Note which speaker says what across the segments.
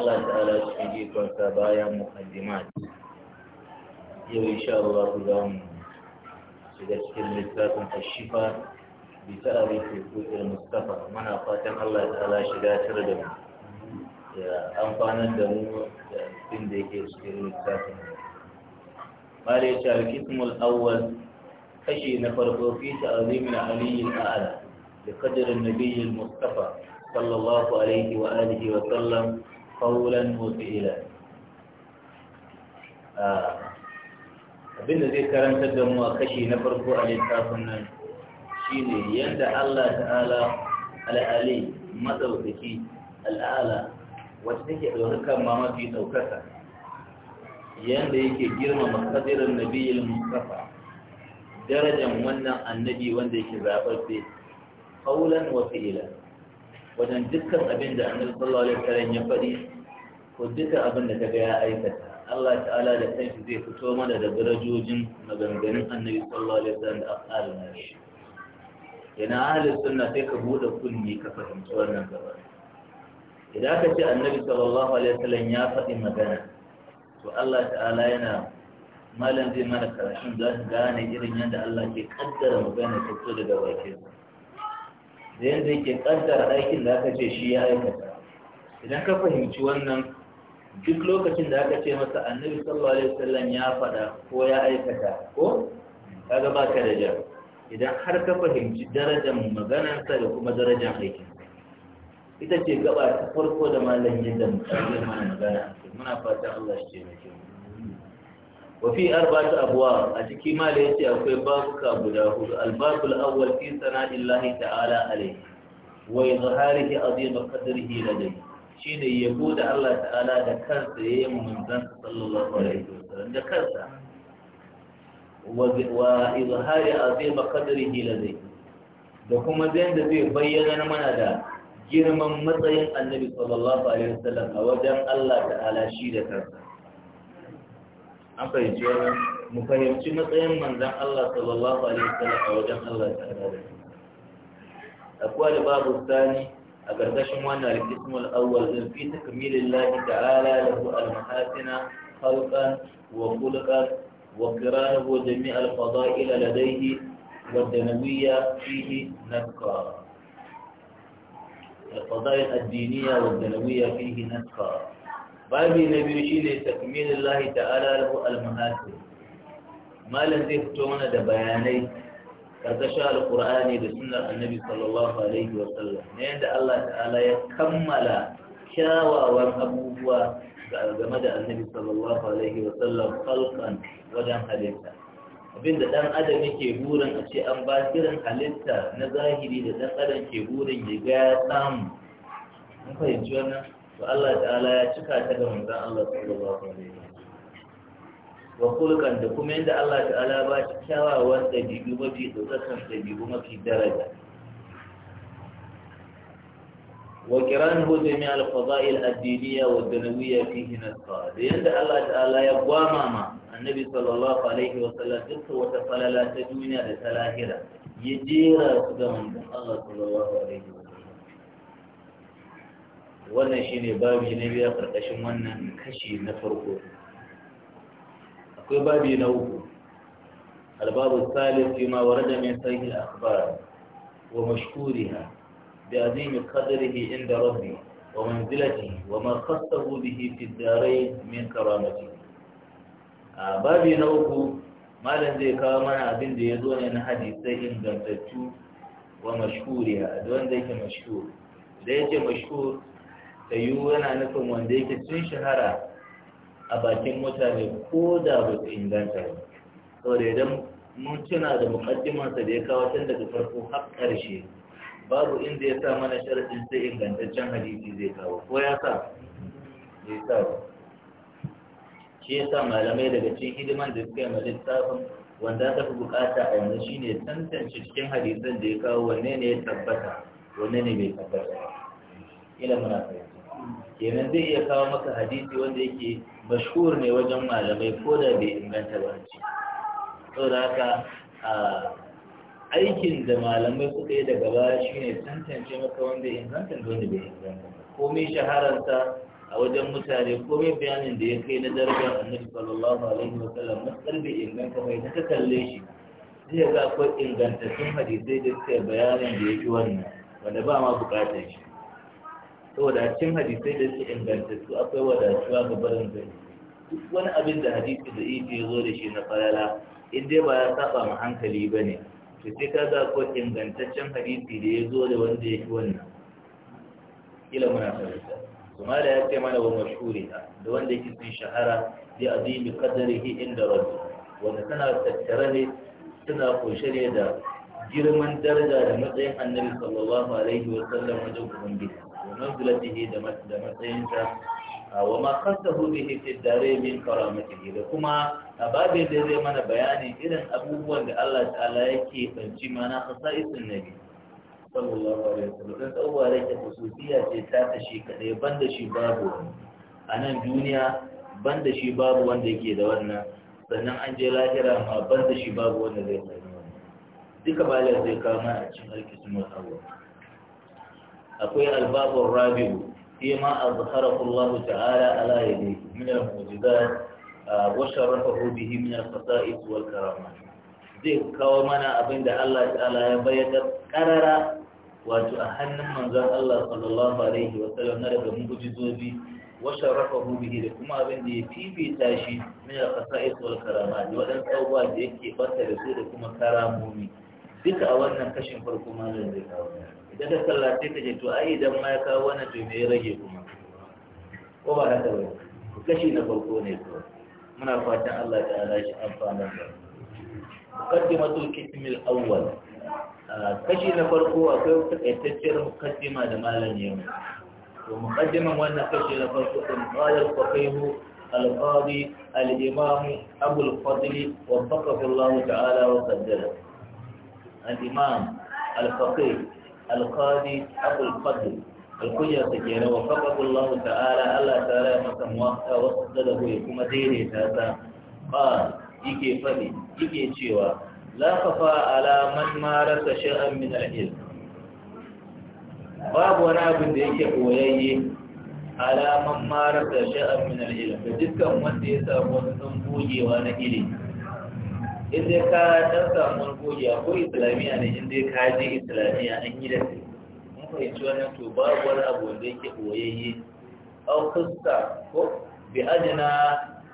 Speaker 1: Allah ta'ala cikin ikonsa bayan muqaddimat yau insha Allah za mu shiga cikin littafin ashifa bi ta'arifi kutul mustafa muna fatan Allah ta'ala shiga tare da mu ya amfanar da mu da abin da yake cikin littafin bare ta al-qismul awwal kashi na farko fi ta'zimin ali al-a'la da kadirin بقدر النبي المصطفى صلى الله عليه wa sallam. قولا وفعلا abinda zai karanta da mu a kashi na farko a littafin nan shine yadda Allah ta'ala al'ali matsaukaki al'ala wacce take ɗaukaka ma mafi ɗaukaka yadda yake girmama kadirin nabiyyar mustafa darajan wannan annabi wanda yake sai, ƙaulan wa fi'ila wajen dukkan abin da annabi sallallahu alaihi wasallam ya faɗi ko dukkan abin da kaga ya aikata Allah ta'ala da kanshi zai fito mana da darajojin maganganun annabi sallallahu alaihi wasallam da afalin shi yana ahli sunna sai ka bude kunni ka fahimci wannan gaba idan ka ce annabi sallallahu alaihi wasallam ya faɗi magana to Allah ta'ala yana malam zai mana karatun za su gane irin yadda Allah ke kaddara magana ta fito daga bakin sa da yadda yake kaddara aikin da aka ce shi ya aikata idan ka fahimci wannan duk lokacin da aka ce masa annabi sallallahu alaihi wasallam ya faɗa ko ya aikata ko kaga ba ka da jar idan har ka fahimci darajar maganarsa da kuma darajar aikin ita ce gaba ta farko da malam yadda mutane mana magana muna fata Allah shi ce mai wafi arba'atu abwa a cikin mala yace akwai babuka guda hudu albabul awwal fi sana'illahi ta'ala alayhi wa izharihi azim qadrihi ladayhi shine yabo da Allah ta'ala da kansa yayi manzon sallallahu alaihi wasallam da kansa wa izhari azim qadrihi ladayhi da kuma zai da zai bayyana mana da girman matsayin annabi sallallahu alaihi wasallam a wajen Allah ta'ala shi da kansa an fahimci wani mu fahimci matsayin manzan Allah sallallahu alaihi wasallam a wajen Allah ta da akwai da babu sani a gargashin wannan alkismul awwal din fi takmilin takmilillahi ta'ala lahu al-mahasina wa wa jami' al خلقا ladayhi wa جميع fihi لديه al فيه ad الفضائل wa والدنوية fihi نسقا babi na biyu takminin lahi ta'ala lahu al-mahasin malam zai fito mana da bayanai karkashin alkur'ani da sunnar annabi sallallahu alaihi wa sallam na yadda Allah ta'ala ya kammala kyawawan abubuwa ga game da annabi sallallahu alaihi wa sallam falkan wajen halitta abinda dan adam yake burin a ce an ba kiran halitta na zahiri da dan adam ke burin ya ga samu mun fahimci wannan Allah ta'ala ya cika ta ga manzan Allah su da ba wa kulkan da kuma yadda Allah ta'ala ba shi kyawawan ɗabi'u mafi ɗaukakan ɗabi'u mafi daraja wa kiran hu jami al fada'il addiniya wa dunawiyya fihi nasfa da yadda Allah ta'ala ya gwama ma annabi sallallahu alaihi wa sallam duk wata falala ta duniya da ta lahira ya jera su ga manzon Allah sallallahu alaihi wannan shi ne babi na biya karkashin wannan kashi na farko akwai babi na uku albabu salif fi ma warada min sayyi akhbar wa mashkuriha bi azimi qadrihi inda rabbi wa manzilati wa ma khassahu bihi fi darain min karamati a babi na uku malam zai kawo mana abin da ya zo ne na hadisai ingantattu wa mashkuriha da wanda yake mashkur da yake mashkur tsayu yana nufin wanda yake cin shahara a bakin mutane ko da ba su inganta ba saboda idan mun tuna da mukaddimansa da ya kawo tun daga farko har ƙarshe babu inda ya sa mana sharaɗin sai ingantaccen hadisi zai kawo ko ya sa zai sa ba shi ya sa malamai daga cikin hidiman da suka yi ma littafin wanda aka fi bukata a yanzu shine tantance cikin hadisan da ya kawo wanne ne ya tabbata wanne ne bai tabbata ila muna fahimta kenan zai iya kawo maka hadisi wanda yake mashhur ne wajen malamai ko da bai inganta ba ce saboda haka aikin da malamai suka yi daga baya ne tantance maka wanda inganta da wanda bai inganta Ko mai shahararsa a wajen mutane ko mai bayanin da ya kai na darajar annabi sallallahu alaihi wa sallam matsar bai inganta bai ta kalle shi zai ga akwai ingantattun hadisai da suka bayanin da ya fi wannan wanda ba ma bukatar shi da cin hadisai da su ingantattu akwai wadatuwa ga barin da duk wani abin da hadisi da ifi zo da shi na falala in dai ba ya saba ma hankali ba ne to sai ka ga ko ingantaccen hadisi da ya zo da wanda ya fi wannan kila muna fahimta kuma da ya ce mana wa mashhuri da wanda yake sun shahara bi azimi qadarihi inda rabbi wanda tana tattare ne suna kunshe ne da girman daraja da matsayin annabi sallallahu alaihi wa sallam wajen ubangiji manzilatihi da matsayinsa wa ma khassahu bihi fi dare min karamatihi da kuma babin da zai mana bayani irin abubuwan da Allah ta'ala yake banci mana khasaisun nabi sallallahu alaihi wasallam dan tsawwa da ke khususiya ce ta ta shi kadai banda shi babu a nan duniya banda shi babu wanda yake da wannan sannan an je lahira ma banda shi babu wanda zai sani duka balar zai kama a cikin alkismul awwal akwai albabun rabiu fi ma azharahu Allah ta'ala ala yadi min al-mu'jizat wa sharafahu bihi min al-qasa'is wal karamat zai kawo mana abinda Allah ta'ala ya bayyana karara wato a hannun manzon Allah sallallahu alaihi wa sallam na daga mu'jizobi wa sharafahu bihi da kuma abinda ya fifita shi min al-qasa'is wal karamat wadan tsawwa da yake bata da su da kuma karamomi duka a wannan kashin farko malam zai kawo mana da ta sallace ta ce to ai idan ma ya kawo wannan to me ya rage kuma ko ba haka ba kashi na farko ne ko muna fatan Allah ta ala shi amfana da muqaddimatul qism al-awwal kashi na farko akwai takaitacciyar muqaddima da malam ya mu
Speaker 2: to muqaddiman wannan kashi na farko din qala al-faqih القاضي الإمام أبو الفضل وفقه الله تعالى وقدره
Speaker 1: الإمام الفقيه alqadi abul fadl alkunya ta kenan wa faqahu ta'ala Allah ta'ala ya masa muwaffa wa saddadahu ya kuma daidaita ta ba yake fadi yake cewa la kafa ala man marasa shay'an min al-ilm babu wani abin da yake koyayye ala man marasa shay'an min al-ilm da dukkan wanda ya samu wani dan gogewa na ilimi in dai ka dan samu gogiya ko islamiyya ne in dai ka je islamiyya an yi da kai mun fahimci to babu wani abu da yake boyayye au ko bi ajna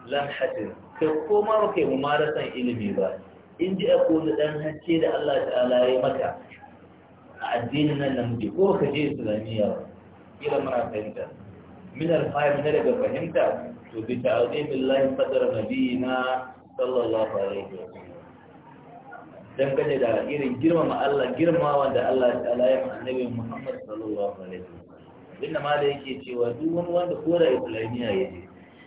Speaker 1: lan hatin kai ko ma ba mumarasan ilimi ba in ji ko da dan hacce da Allah ta'ala ya maka a addinin nan namiji ko ka je islamiyya ba kila muna fahimta min alfahim na daga fahimta to bi ta'azimin lahi qadar na. sallallahu alaihi wa sallam dangane da irin girmama Allah girma da Allah ta alayin annabi Muhammad sallallahu alaihi wa sallam inda ma da yake cewa duk wani wanda kora islamiyya ya yake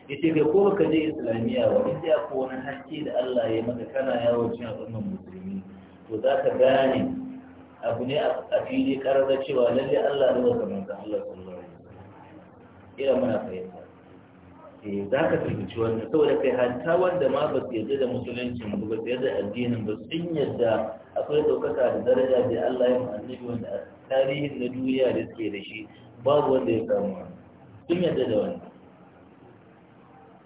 Speaker 1: yace kai ko ka je islamiyya ba in ya ko wani hakki da Allah ya maka kana yawo cikin al'ummar musulmi to za ka gane abu ne a fili karar cewa lalle Allah ne wa kamar Allah sallallahu alaihi wa sallam ira muna fahimta Eh, za ka fahimci wannan saboda kai hanta wanda ma ba su yarda da musuluncin ba su yarda addinin ba sun yadda akwai ɗaukaka da daraja da Allah ya annabi wanda tarihin na duniya da suke da shi babu wanda ya samu sun yarda da wannan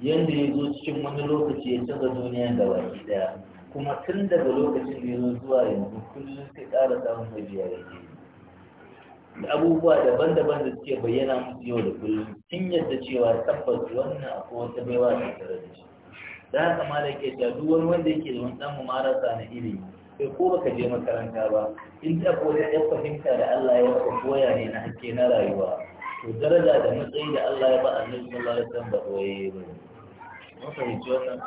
Speaker 1: yanda ya zo cikin wani lokaci ya canza duniya da baki daya kuma tun daga lokacin da ya zo zuwa yanzu kullum sai ƙara samun mabiya yake da abubuwa daban-daban da suke bayyana musu yau da kullum tun yadda cewa tabbas wannan akwai wata baiwa da tare da shi da haka ma da yake cewa duk wani wanda yake da wani mu marasa na ilimi sai ko baka je makaranta ba in ta ko da fahimta da Allah ya ba koya ne na hakke na rayuwa to daraja da matsayi da Allah ya ba annabi sallallahu alaihi wasallam ba koyaye ba ne wannan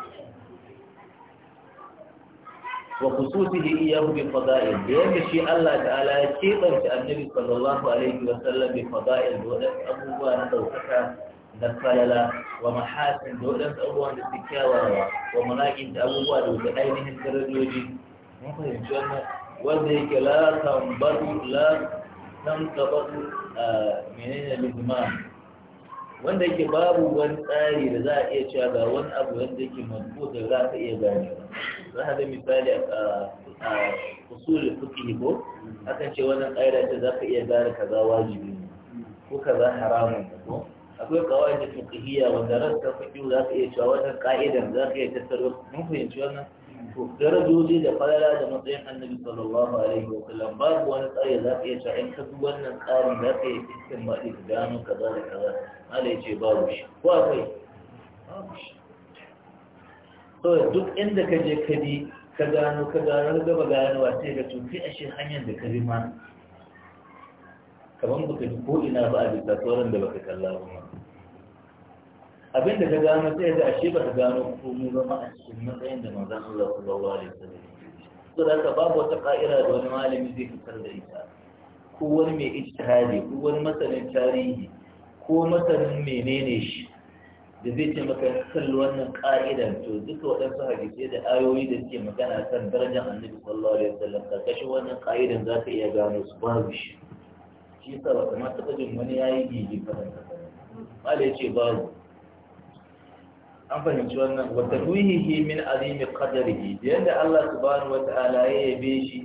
Speaker 1: wa khususihi iyyahu bi fada'il da yadda shi Allah ta'ala ya kebanta annabi sallallahu alaihi wa sallam bi fada'il da wadansu abubuwa na daukaka da falala wa mahasin da wadansu abubuwa da su wa manaƙin da abubuwa da wadansu ainihin darajoji mun fahimci wannan wanda yake la tambaru la tamtabaru menene lizman wanda yake babu wani tsari da za a iya cewa ga wani abu wanda yake mazbu da za ka iya gane za a ga misali a kusurin fiqh ko akan ce wannan tsari da za ka iya gane kaza wajibi ko za haramun ko akwai kawai da fiqhiyya wanda rasta fiqh za ka iya cewa wannan ka'idan za ka iya tattaro mun fahimci wannan to darajoji da fara da matsayin annabi sallallahu alaihi wa sallam babu wani tsari za ka iya ta in ka bi wannan tsarin za ka iya cikin baɗi da gano ka za a da ya ce babu shi ko akwai babu shi saboda duk inda ka je ka bi ka gano ka gano ka gaba wa sai ka tuki a shi hanyar da ka bi ma kamar ka ji ko ina ba a bisa tsoron da baka kalla ba abin da ka gano sai da ashe ba ta gano komai ba zama a cikin matsayin da manzon Allah sallallahu alaihi wasallam to da ka babu wata ka'ira da wani malami zai fitar da ita ko wani mai ijtihadi ko wani masanin tarihi ko masanin menene shi da zai ce maka kallon wannan ka'idan to duka waɗansu hadisai da ayoyi da suke magana kan darajar annabi sallallahu alaihi wasallam karkashin wannan ka'idan za ka iya gano su babu shi shi yasa ba kamar wani ya wani yayi gigi da ya ce babu an fahimci wannan wa tadwihihi min azimi qadarihi da yadda Allah subhanahu wa ta'ala ya yabe shi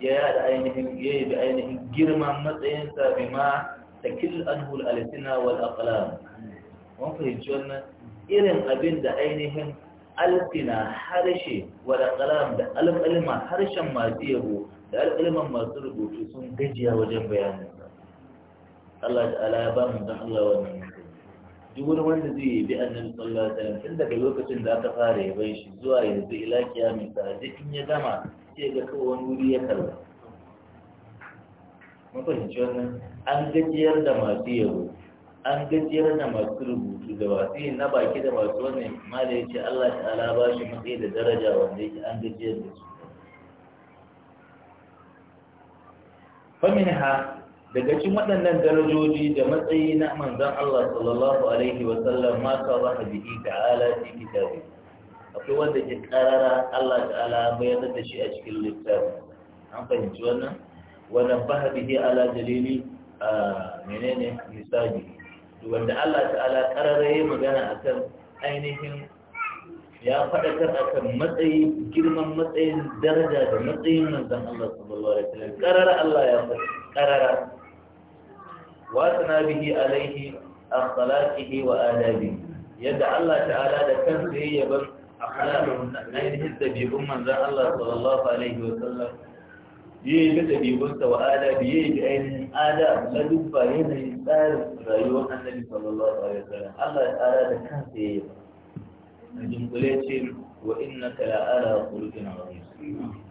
Speaker 1: ya yada ainihin ya yabi ainihin girman matsayinsa bima takil anhu al-alsina wal aqlam mun fahimci wannan irin abin da ainihin alfina harshe wal aqlam da alqalma harshen masu yabo da alqalman masu rubutu sun gajiya wajen bayanin Allah ta'ala ya ba mu dan Allah wannan duk wani wanda zai yi bi annabi sallallahu alaihi wasallam tun daga lokacin da aka fara yaban shi zuwa yanzu ila kiyamin sa duk in ya gama sai ga kawai wani wuri ya kalla mafahimci wannan an gajiyar da masu yabo an gajiyar da masu rubutu da masu yin na baki da masu wannan ma da ya ce Allah ala ba shi matsayi da daraja wanda yake an gajiyar da su famin ha daga cikin waɗannan darajoji da matsayi na manzon Allah sallallahu alaihi wa sallam ma ka ba bihi ala fi kitabi akwai wanda ke karara Allah ta'ala bayyana da shi a cikin littafi an fahimci wannan wannan ba bihi ala dalili a menene misali wanda Allah ta'ala karara yayi magana akan ainihin ya faɗakar akan matsayi girman matsayin daraja da matsayin manzon Allah sallallahu alaihi wa sallam karara Allah ya faɗa karara wasana bihi alaihi akhlaqihi wa adabi yadda Allah ta'ala da kansa yayi yaban akhlaqun ainihin dabi'un manzon Allah sallallahu alaihi wa sallam yayi da dabi'un sa wa adabi yayi da ainihin adab la dubba yanayin tsarin rayuwar annabi sallallahu alaihi wa sallam Allah ta'ala da kansa yayi yaban jinkule ce wa innaka la'ala khuluqin azim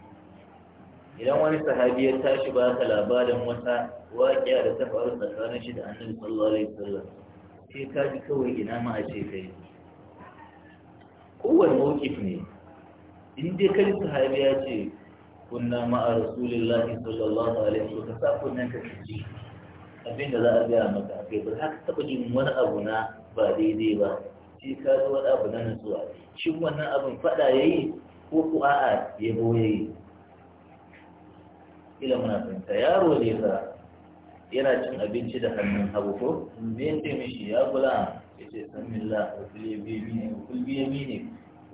Speaker 1: idan wani sahabi ya tashi ba ka labarin wata waƙiya da ta faru tsakanin shi da annabi sallallahu alaihi wasallam sai ka ji kawai ina ma a ce kai kowane mawkif ne in dai ka ji sahabi ya ce kunna ma a rasulillah sallallahu alaihi wasallam ka sa kunnan ka ji abin da za a gaya maka kai ba haka taɓa jin wani abu na ba daidai ba sai ka ji wani abu na nutsuwa shin wannan abin faɗa yayi ko ko a'a yabo yayi kila muna fahimta yaro ne za yana cin abinci da hannun hagu ko me yin da mishi ya gula ya ce san milla wa ne, ya mine wa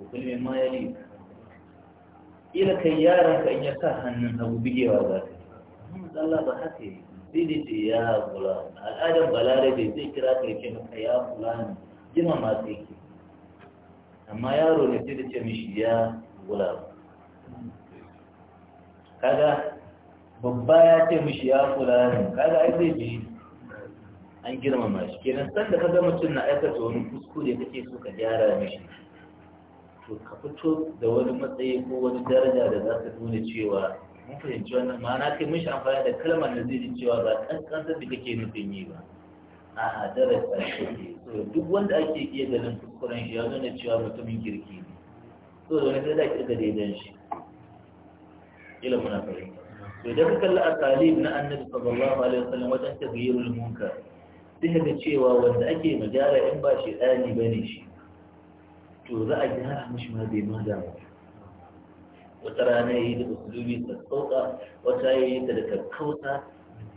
Speaker 1: kulbi ma ya li kila kai yaron ka in ya sa hannun hagu bigewa za ka yi Allah ba haka yi sai da ce ya gula al'adar balarabe zai kira ka ya maka ya gula ne jima ma sai ke amma yaro ne sai da ce mishi ya gula kaga babba ya ce mishi ya kula ne kaga ai zai ji an girmama shi kenan san da kaga mutum na aikata wani kuskure kake so ka gyara mishi to ka fito da wani matsayi ko wani daraja da za ka nuna cewa mun fahimci wannan na kai mishi amfani da kalmar da zai ji cewa ba kankantar da kake nufin yi ba a darasa shi so duk wanda ake iya ganin kuskuren shi ya nuna cewa mutumin kirki ne so da wani sai da kirga daidan shi ilimin na fahimta to da muka a asalib na annabi sallallahu alaihi wasallam wajen tazhirul munkar sai da cewa wanda ake magana in ba shi dani bane shi to za a gyara mishi ma bai ma damu wata rana yi da usulubi sassauka wata yi da kakkauta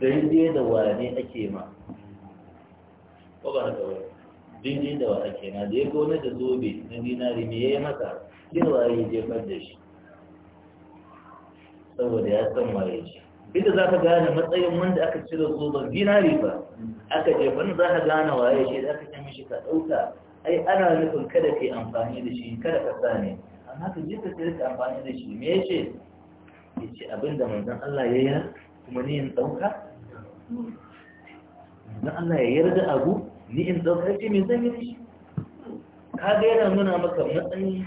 Speaker 1: daidai da wane ake ma ko ba haka wani daidai da wa ake ma da ya gona da zobe na dinari me ya yi maka yin waye jefar da shi saboda ya san waye shi inda za ka gane matsayin wanda aka cire zoben zinari ba aka je wani za ka gane waye shi da aka kai mishi ka ɗauka ai ana nufin kada ka amfani da shi kada ka sa ne amma ka je ka sai ka amfani da shi me yace ya ce abin da manzon Allah ya yi kuma ni in ɗauka manzon Allah ya yarda abu ni in ɗauka ce me zan yi da shi ka ga yana nuna maka matsayin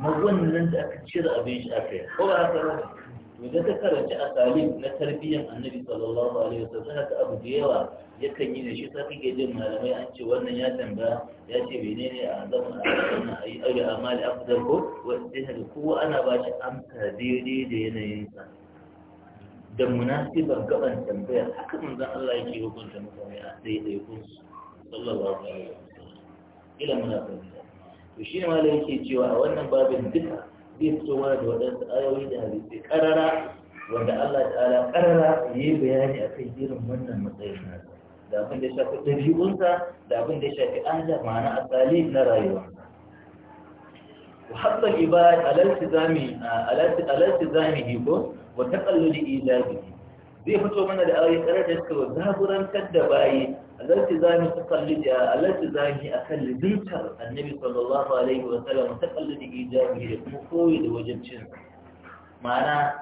Speaker 1: na wannan da aka cire abin shi aka yi ko ba haka ba da ta karanci asalin na tarbiyyar annabi sallallahu alaihi wasallam haka abu da yawa ya kan yi da shi sai kake jin malamai an ce wannan ya tambaya ya ce menene a a wannan ayi aure amali afdal ko wanda haka kowa ana ba shi amsa daidai da yanayin sa da munasibar gaban tambaya haka manzon Allah yake hukunta mutane a daidai kun sallallahu alaihi wasallam ila munafiki to shi ne malai yake cewa a wannan babin duka zai fito mana da waɗansu ayoyi da hadisai ƙarara wanda Allah ta'ala ƙarara ya yi bayani a kan irin wannan matsayin nasa da abin da ya shafi ɗabi'unsa da abin da ya shafi ahla ma'ana asali na rayuwa وحط العباد على التزامه على التزامه وتقلد إيجابه zai fito mana da aure tsare da suka zaburantar da bayi alalti zami ta za mu zami a kan lidintar annabi sallallahu alaihi wa sallam ta kallidi ijabi da kuma koyi da wajen cin ma'ana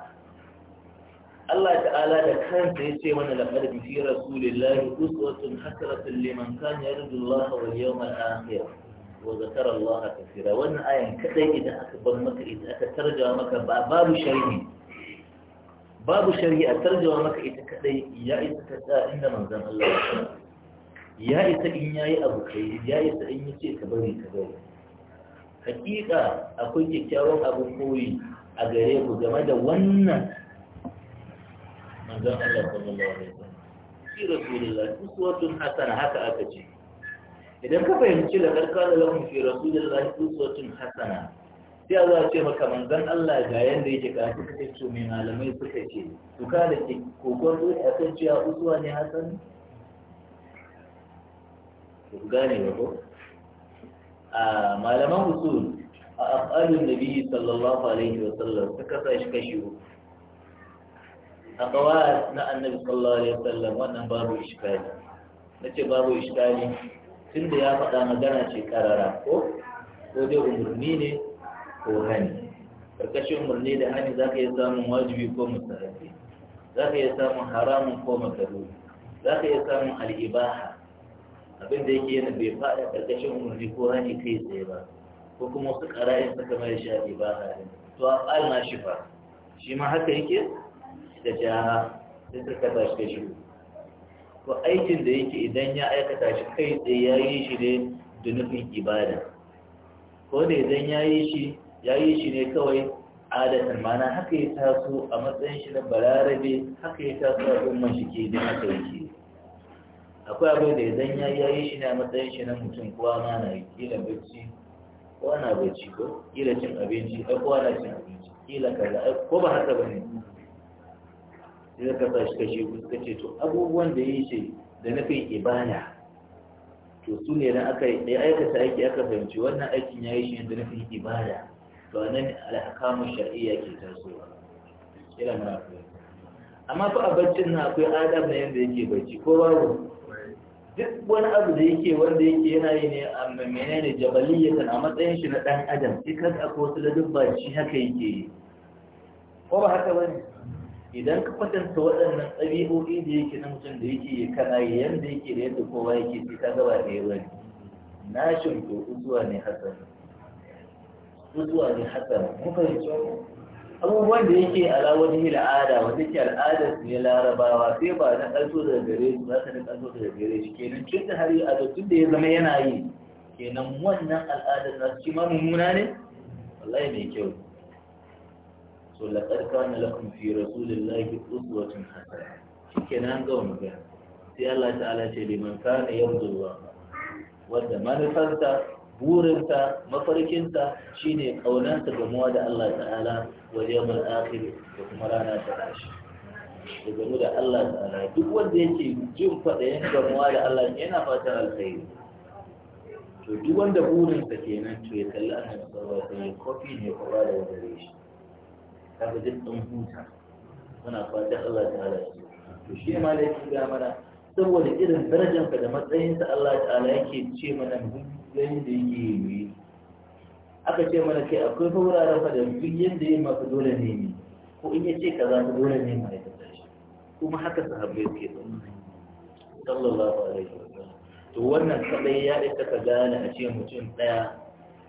Speaker 2: Allah ta'ala da
Speaker 1: kansa ya ce mana laqad fi rasulillahi uswatun hasanatun liman kana yarju Allah wal yawmal akhir wa zakara Allah kathira wannan ayan kadai idan aka bar maka idan aka tarjama maka babu sharhi babu shari'a tarjawa maka ita kadai ya isa ta tsaya inda manzon Allah ya ya isa in yayi abu kai ya isa in yace ka bari ka bari hakika akwai kyakkyawan abin koyi a gare ku game da wannan manzon Allah sallallahu alaihi wasallam shi rasulullah uswatun hasana haka aka ce idan ka fahimci da karkar da lamun rasulullah duk uswatun hasana sai a zuwa ce maka manzan Allah ga yadda yake ka suka ce to mai malamai suka ce to ka da ke kokon zuwa a kan cewa usuwa ne hasan ku gane ba ko a malaman usul a afalin nabi sallallahu alaihi wa sallam suka sa shi kashi a kawa na annabi sallallahu alaihi wa sallam wannan babu iskali na ce babu iskali tun da ya faɗa magana ce karara ko ko dai umarni ne ko hani karkashin murni da hani za ka iya samun wajibi ko mustahabi za ka iya samun haramun ko makaru za ka iya samun al'ibaha abin da yake yana bai faɗa karkashin murni ko hani kai tsaye ba ko kuma wasu ƙara'in kama mai sha ibaha ne to a ƙalna shi fa shi ma haka yake da jaha sai ta tashi shi kashi ko aikin da yake idan ya aikata shi kai tsaye ya yi shi ne da nufin ibada ko da idan ya yi shi ya yi shi ne kawai adatan mana haka ya taso a matsayin shi na balarabe haka ya taso a umar shi ke jin haka yake akwai abu da idan ya ya yi shi ne a matsayin shi na mutum kowa ma na kila bacci kowa na bacci ko kila cin abinci ai kowa na cin abinci kila kaza ko ba haka ba ne sai ka sa shi kashe ku ce to abubuwan da yi shi da na kai ibada to su ne na aka yi aikata aiki aka fahimci wannan aikin ya yi shi ne da kai ibada to wannan alhakamu shar'iyya ke tasowa na muna amma fa a barcin na akwai Adam na yadda yake barci ko babu duk wani abu da yake wanda yake yana yi ne a menene jabaliyatan a matsayin shi na dan adam sai kaga akwai wasu duk barci haka yake yi ko ba haka bane idan ka kwatanta waɗannan ɗabi'o'i da yake na mutum da yake yi kana yi yadda yake da yadda kowa yake sai ka gaba da yawa ne na shimfe uzuwa ne hasan zuwa ne hasara kuka yi tsoro abubuwan da yake alawar yi al'ada wanda ke al'adar su ne larabawa sai ba na ƙarso da gare su za ka da ƙarso da gare shi kenan tun da hari a tun da ya zama yana yi kenan wannan al'adar na su ci ma mummuna ne wallahi mai kyau so laƙar da lakum fi rasulillahi uswatun hasana nan ga wani sai Allah ta'ala ce liman kana yarjuwa wanda manufarta. burinsa mafarkinsa shine ga muwa da Allah ta'ala wa yawmal akhir da kuma rana ta tashi Daga mu da Allah ta'ala duk wanda yake jin ga gamuwa da Allah yana fatan alkhairi to duk wanda burinsa kenan to ya kalli annabi sallallahu alaihi wasallam kofi ne ko ba da wani shi kaga duk ɗan huta muna fatan Allah ta'ala shi to shi ma da yake ga mana saboda irin darajarka da matsayinsa Allah ta'ala yake ce mana muhimmi yadda yake yi aka ce mana kai akwai fa wuraren fa da duk yadda yin maka dole ne ne ko in ya ce ka za ka dole ne ma'aikata shi kuma haka sahabbai suke tsammani sallallahu alaihi wa to wannan kadai ya isa ka gane a ce mutum daya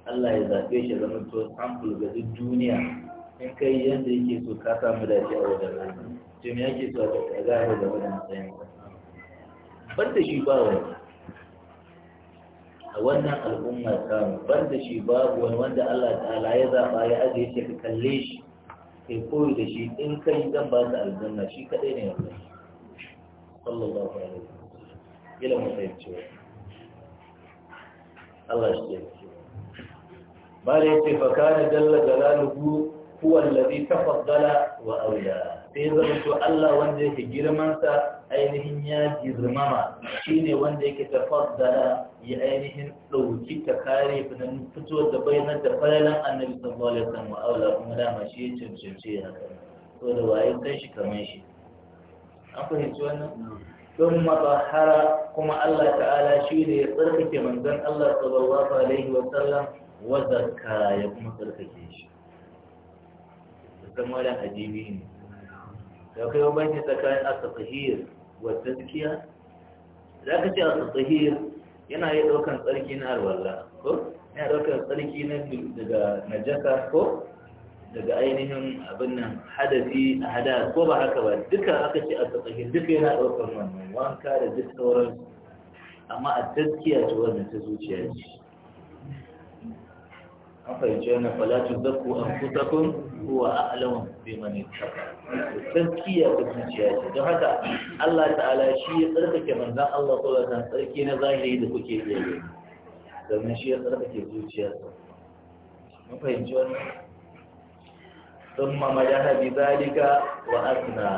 Speaker 1: Allah ya zaɓe shi zama to sample ga duk duniya in kai yadda yake so ka samu dace a wajen nan to me yake so ka gane da wannan ban ta shi ba wani a wannan al'ummar samu ban da shi babu wani wanda Allah ta'ala ya zaɓa ya aje ya ce ka kalle shi kai koyi da shi in kai zan ba su aljanna shi kaɗai ne yanzu sallallahu alaihi wasallam ila mu fahimci Allah shi ya ce ba bare ce fa kana dalla jalaluhu huwa tafaf tafaddala wa awliya sai zama to Allah wanda yake girman sa ainihin ya girmama shine wanda yake tafaddala ya ainihin dauki ta kare na fito da bayanan da falalan annabi sallallahu alaihi wasallam wa awla kuma da ma shi ya haka to da waye kai shi kamar shi an fahimci wannan don matsahara kuma Allah ta'ala shi ne ya tsarkake manzon Allah sallallahu alaihi wasallam wa zakka ya kuma tsarkake shi dan wala ajibi ne da kai bambanci tsakanin asatahir wa tazkiya Da ka ce asatahir yana yi ɗaukar tsarki na alwala ko yana ɗaukar tsarki na daga najasa ko daga ainihin abin nan hadafi a hada ko ba haka ba duka aka ce asatahir duka yana ɗaukar wannan wanka da duk sauran amma a tazkiya ce wannan ta zuciya ce akwai jana falatu zaku an kusakun huwa a'lamu bi man ittaka tazkiya ta zuciya ce don haka Allah ta'ala shi ya tsarkake manzon Allah sallallahu alaihi tsarki na zahiri da kuke iya yi domin shi ya tsarkake wani mun fahimci wannan ثم مدح wa وأثنى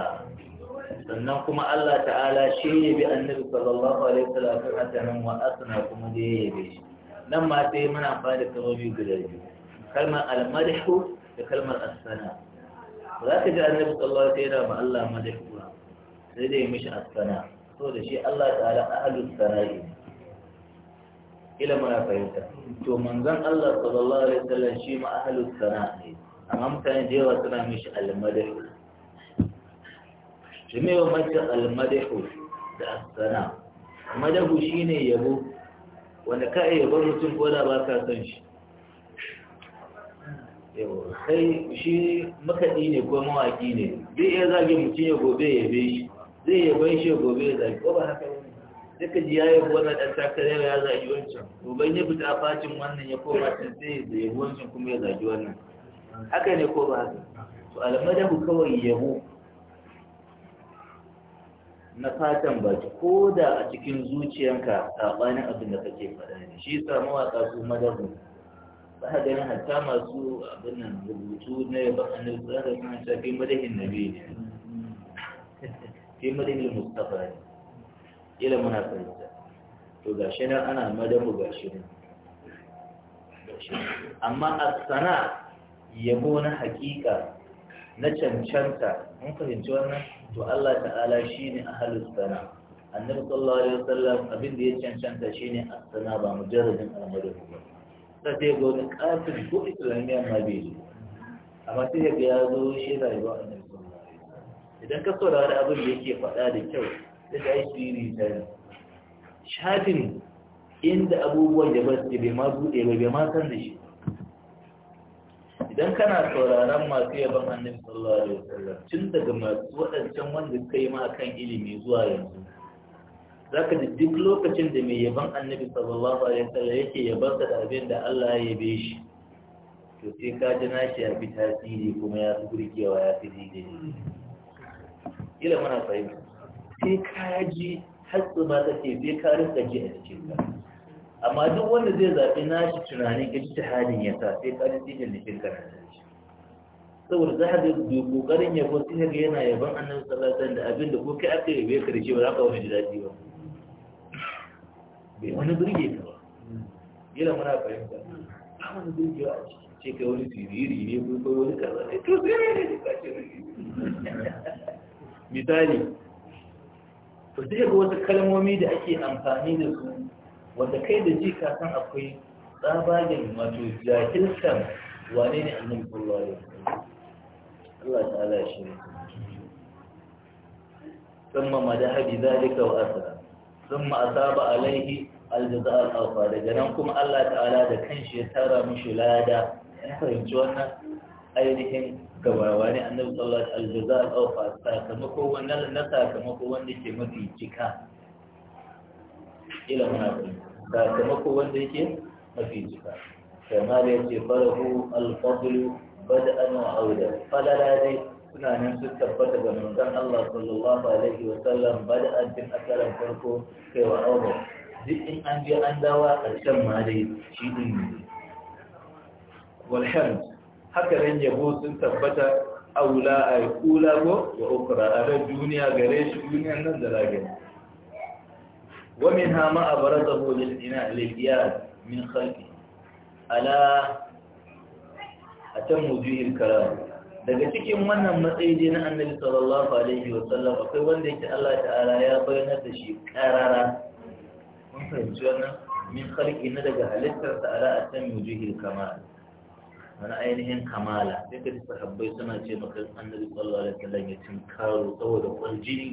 Speaker 1: sannan kuma Allah ta'ala shi ya bi annabi sallallahu alaihi wasallam a tanan wa asna kuma da yayi shi nan ma sai muna amfani da kalmomi guda biyu kalmar almarihu da kalmar asana ba za ka ji annabi sallallahu alaihi wasallam ba Allah madahu ba sai dai mishi asana so da shi Allah ta'ala ahlus sarai ila muna fahimta to manzon Allah sallallahu alaihi wasallam shi ma ahlus sarai amma mutane da yawa suna mishi almadahu jami'a mace almadahu da asana madahu shine yabo wanda ka iya bar mutum ko da ba ka san shi sai shi makaɗi ne ko mawaƙi ne zai iya zage mutum ya gobe ya be shi zai iya ban shi ya gobe ya zage ko ba haka ne duka ji ya yi wani ɗan takarar ya zage wancan gobe ya fita facin wannan ya koma can zai ya wancan kuma ya zage wannan haka ne ko ba haka to almadahu kawai yabo na fatan baki ko da a cikin zuciyanka saɓanin abin da kake faɗa ne shi sa mawaƙa su madabu ba ka ganin hatta masu abin nan rubutu na yaba a nan tsara suna ta fi madahin nabi ne fi madahin mustapha ne ila muna fahimta to ga shi nan ana madabu ga shi nan amma a sana yabo na hakika na cancanta mun fahimci wannan to Allah ta'ala shine ahlus sana annabi sallallahu alaihi wasallam abin da ya cancanta shine as-sana ba mujarradin al'amari ba sai dai go ne kafin ko islamiyya ma bai zo amma sai ya ga ya zo shi rayuwa annabi sallallahu alaihi wasallam idan ka saurari abin da yake faɗa da kyau sai yi shiri ta shafin inda abubuwan da ba su bai ma buɗe ba bai ma san da shi idan kana sauraron masu yaban annabi sallallahu alaihi wasallam tun daga masu waɗancan wanda suka yi ma kan ilimi zuwa yanzu za ka ji duk lokacin da mai yaban annabi sallallahu alaihi wasallam yake yaban da abin da Allah ya yabe shi to sai ka ji nashi ya fi tasiri kuma ya fi burgewa ya fi daidai ila muna fahimta sai ka ji har ba take sai ka rinka ji a cikin ka amma duk wanda zai zaɓi nashi tunanin halin ya sa sai ka dijin da shirka na shi saboda za ka ga kokarin ya ko sai ga yana yaban annabi sallallahu alaihi wasallam da abin da ko kai aka yi bai da shi ba za ka wani daɗi ba bai wani burge ka ba yana muna fahimta ba wani burgewa a ce kai wani siriri ne ko kai wani kaza ne to sai ne ka ce misali to sai ga wasu kalmomi da ake amfani da su wanda kai da ji ka san akwai tsabagen wato jahilkan wane ne annan sallallahu alaihi wasallam Allah ta'ala shi ne thumma madahabi zalika wa ma a saba alaihi aljaza al daga nan kuma Allah ta'ala da kanshi ya tara mishi lada ya fahimci wannan ainihin gawawa ne annabi sallallahu alaihi wasallam aljaza al sakamako wannan na sakamako wanda ke mafi cika ila munafiki sakamako wanda yake mafi jika kamar ya ce farahu alfadlu bada an wa auda falala ne suna nan su tabbata ga manzon Allah sallallahu alaihi wa sallam bada addin akaran farko kai wa duk in an je an dawa can ma dai shi din ne walhamd haka nan yabo sun tabbata aula ay kula go wa ukra a duniya gare shi duniyan nan da lagani ومنها ما أبرزه للإناء للإياد من خلقه ألا أتم وجوه الكلام daga cikin wannan matsayi dai na annabi sallallahu alaihi wa sallam akwai wanda yake Allah ta'ala ya bayyana da shi karara mun fahimci wannan min khalqi na daga halittar sa ala atam wujuhil kamal wani ainihin kamala sai ka sahabbai suna ce maka annabi sallallahu alaihi wa sallam ya tinkaro saboda kwaljini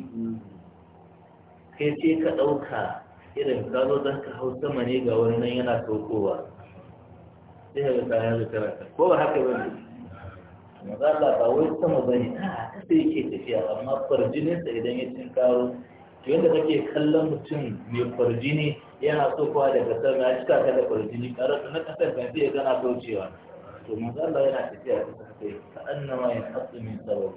Speaker 1: kai sai ka ɗauka irin ka zo ka hau sama ne ga wani nan yana saukowa sai ga ya zo karanta ko ba haka ba ne mazala ba wai sama ba ne a kasa yake tafiya amma farjininsa idan ya cin karo yadda kake kallon mutum mai farjini yana sokowa daga sama ya cika kada da farjini karar na kasar kan sai ya gana kaucewa to mazala yana tafiya ta kai ka annama ya hatsu min sababu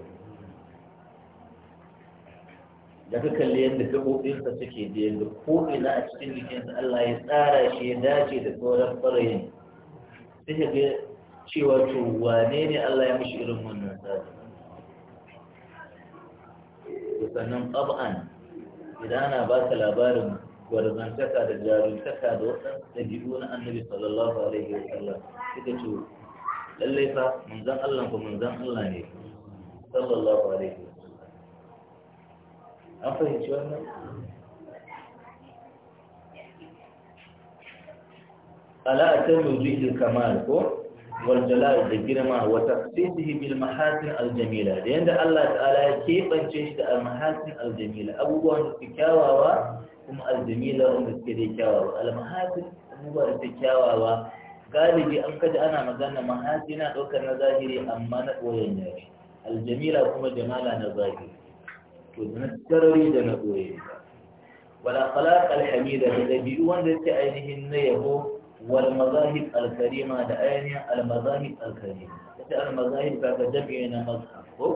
Speaker 1: da ka kalli yadda gaɓoɓinsa suke da yadda ko'ina a cikin jikinsa Allah ya tsara shi ya dace da sauran ɓarayin sai ka ga cewa to wane ne Allah ya mishi irin wannan tsari to sannan tsab'an idan ana ba ka labarin gwarzantaka da jaruntaka da waɗansu ɗabi'u na annabi sallallahu alaihi wa sallam suka ce lallai fa zan Allah ko zan Allah ne sallallahu alaihi wa sallam. an fahimci wannan ala atamu bihi kamal ko wal jalal da girma wa taqsisihi bil mahasin al jamila da yanda Allah ta'ala ya kebance shi da al mahasin al jamila abubuwan da suke kyawawa kuma al jamila wanda suke da kyawawa al mahasin abubuwan da suke kyawawa galibi an kaji ana magana mahasina na ɗaukar na zahiri amma na ɓoyen yare al jamila kuma jamala na zahiri to na sarari da na ɓoye wala salat alhamida da dabi'u wanda yake ainihin na yabo wal mazahib alkarima da ainihin al mazahib alkarima ita al mazahib ba ga dabi'u na mazhab ko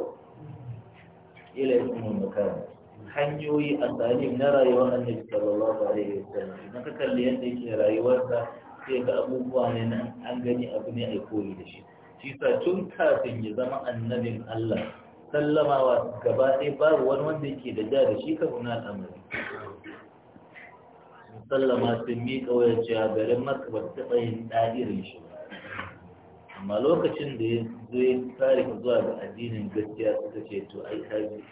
Speaker 1: ila ibn makara hanyoyi a tsarin na rayuwar annabi sallallahu alaihi wasallam idan ka kalli yadda yake rayuwarsa sai ga abubuwa ne nan an gani abu ne a koyi da shi shi sa tun kafin ya zama annabin Allah sallamawa gaba ɗaya babu wani wanda yake da da shi ka kuna al'amari sallama sun miƙa wayar cewa garin maka ba taɓa yin ɗa'irin shi ba amma lokacin da ya zo ya tsari zuwa ga addinin gaskiya suka ce to ai kaji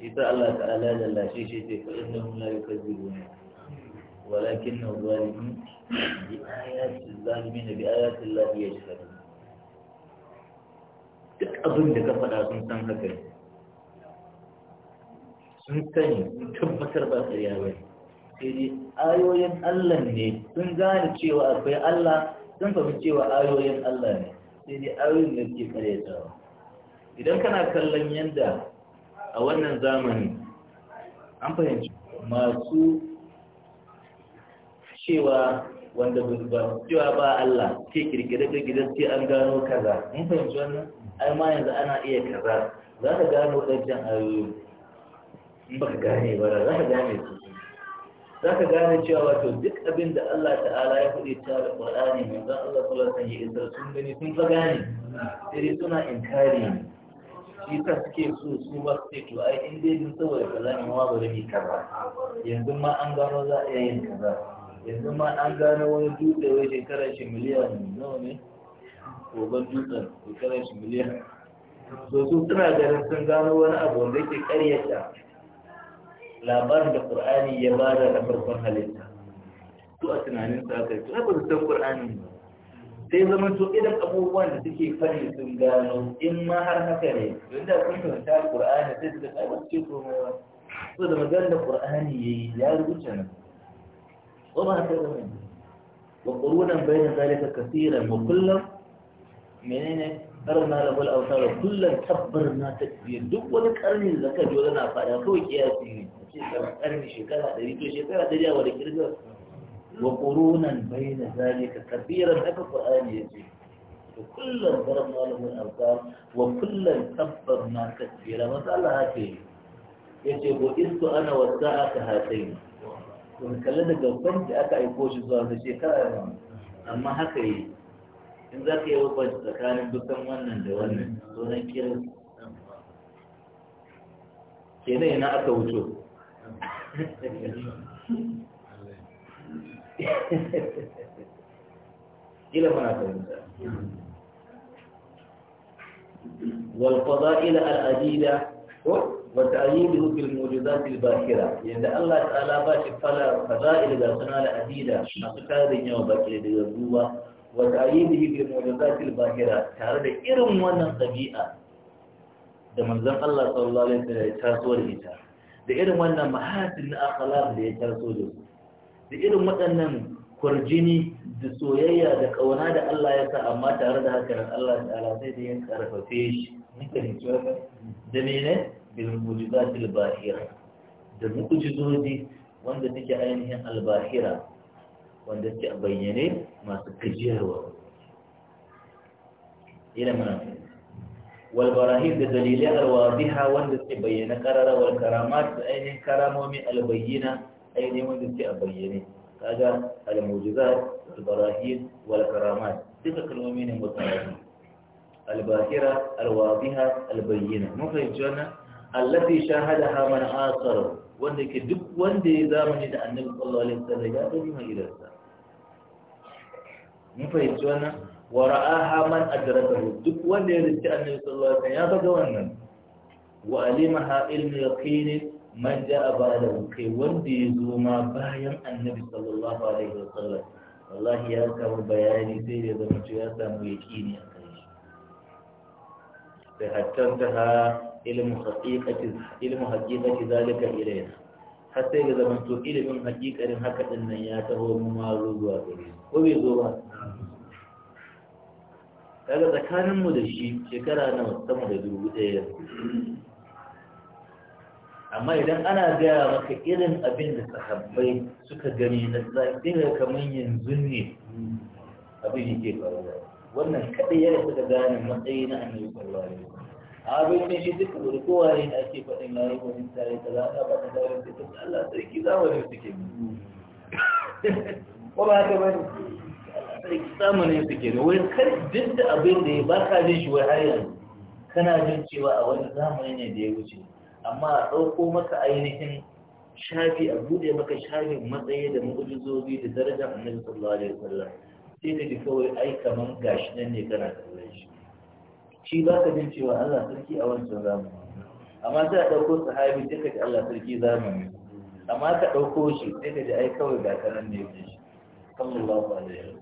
Speaker 1: isa Allah ta'ala da lashe shi ce fa inna hum kaji yukazzibuna walakin na zalimin bi ayati zalimin bi ayati lafiya yajhadun duk abin da ka faɗa sun san haka ne sun sani sun tabbatar ba ƙarya ba sai dai ayoyin Allah ne sun gane cewa akwai Allah sun fahimci cewa ayoyin Allah ne sai dai ayoyin da ke karyatawa idan kana kallon yadda a wannan zamani an fahimci masu cewa wanda ba cewa ba Allah ke kirkire gidan sai an gano kaza mun fahimci wannan ai ma yanzu ana iya kaza za ka gano ɗancan ayoyi in ba ka gane ba za ka gane su za ka gane cewa wato duk abin da Allah ta'ala ya faɗi ta da ƙwarani mai zan Allah kula san yi isar sun gani sun fa gane sai suna inkari shi ta suke so su ba su ce ai in dai din saboda kaza ne ma bari mu kaza yanzu ma an gano za a iya yin kaza yanzu ma an gano wani dutse wai shekarar shi miliyan nawa ne kogon dutsen shekarar shi miliyan so su suna ganin sun gano wani abu wanda yake karyata labarin da qur'ani ya bada na farkon halitta su a tunanin sa kai to ba su san qur'ani ba sai zama to idan abubuwan da suke fari sun gano in ma har haka ne don da kun karanta qur'ani sai su kai ba su ce komai ba so da maganar da qur'ani yayi ya rubuta nan ko ba ta ba ne wa qurunan bayna zalika kaseeran wa kullum menene karna rabul ausara kullum tabbar na ta tafiya duk wani karni da ka dole na fada kawai kiyasi ne ce karni shekara ɗari to shekara ɗari a da kirgar wa ƙoronan bai da zalika kabiran haka ƙur'ani ya ce وكلا ضربنا له الأوتار وكلا كبرنا تكبيرا مسألة هاتين yace isko ana wasa'ata hatayn to kallon da gaban da aka aiko shi zuwa da shekara amma haka yi in za ka yi babban tsakanin dukkan wannan da wannan sunan kiran nan yana aka wuto ila mana fahimta walfada ila al'adida wata ayi da za su ba kira yadda allah ta'ala ba shi fada ila ga suna al'adida masu yawa ba kira daga duba wa ta'yidihi bil mu'jizatil bahira tare da irin wannan dabi'a da manzon Allah sallallahu alaihi wasallam ya taso da ita da irin wannan mahasin na akhlaq da ya taso da su da irin waɗannan kurjini da soyayya da kauna da Allah ya sa amma tare da haka Allah ta'ala sai da ya karfafe shi ne nake da menene bil mu'jizatil bahira da mu'jizoji wanda take ainihin albahira wanda suke a bayyane masu gajiyarwa ila mana والبراهين دليل الواضحة والتي بين قرار والكرامات أين كرامة من البينة أين والتي أبينه هذا الموجودات والبراهين والكرامات تلك الأمين متنازل الباهرة الواضحة البينة مفهوم جنة التي شاهدها من آخر وانك دب وانك زامن النبي صلى الله عليه وسلم يا بني ما إلى السلام mun fahimci wannan wa ra'aha man adrakahu duk wanda ya rinci annabi sallallahu alaihi wasallam ya ga wannan wa alimaha ilmi yaqin man ja'a ba'dahu kai wanda ya zo ma bayan annabi sallallahu alaihi wasallam wallahi ya samu bayani sai ya zama cewa ya samu yaqini a kai sai hatta ta ilmu haqiqati ilmu haqiqati zalika ilayna har sai ga zaman to ilimin hakikarin haka din nan ya taho mu ma zuwa gare ko bai zo ba kaga tsakanin mu da shi shekara nawa sama da dubu ɗaya amma idan ana gaya maka irin abin da sahabbai suka gani da sai ga kamar yanzu ne abin yake faruwa wannan kadai ya suka gane matsayi na annabi sallallahu alaihi abin ne shi duka wani kowa ne da ake faɗin yayin wani tare da zaɓa ba da zaɓa da ta Allah sarki zamanin suke ko ba haka ba ne sarki zamanin suke ne wani kar duk da abin da ya ba ka jin shi wai har yanzu kana jin cewa a wani zamani ne da ya wuce amma a ɗauko maka ainihin shafi a buɗe maka shafin matsayi da mu'ujizobi da darajar annabi sallallahu alaihi wasallam sai da kawai ai kaman gashi nan ne kana kallon shi shi ba ka jin cewa Allah sarki a wancan zamani amma sai a ɗauko sahabi sai ka ji Allah sarki zamani amma ka ɗauko shi sai ka ji ai kawai ga karan ne yake shi sallallahu alaihi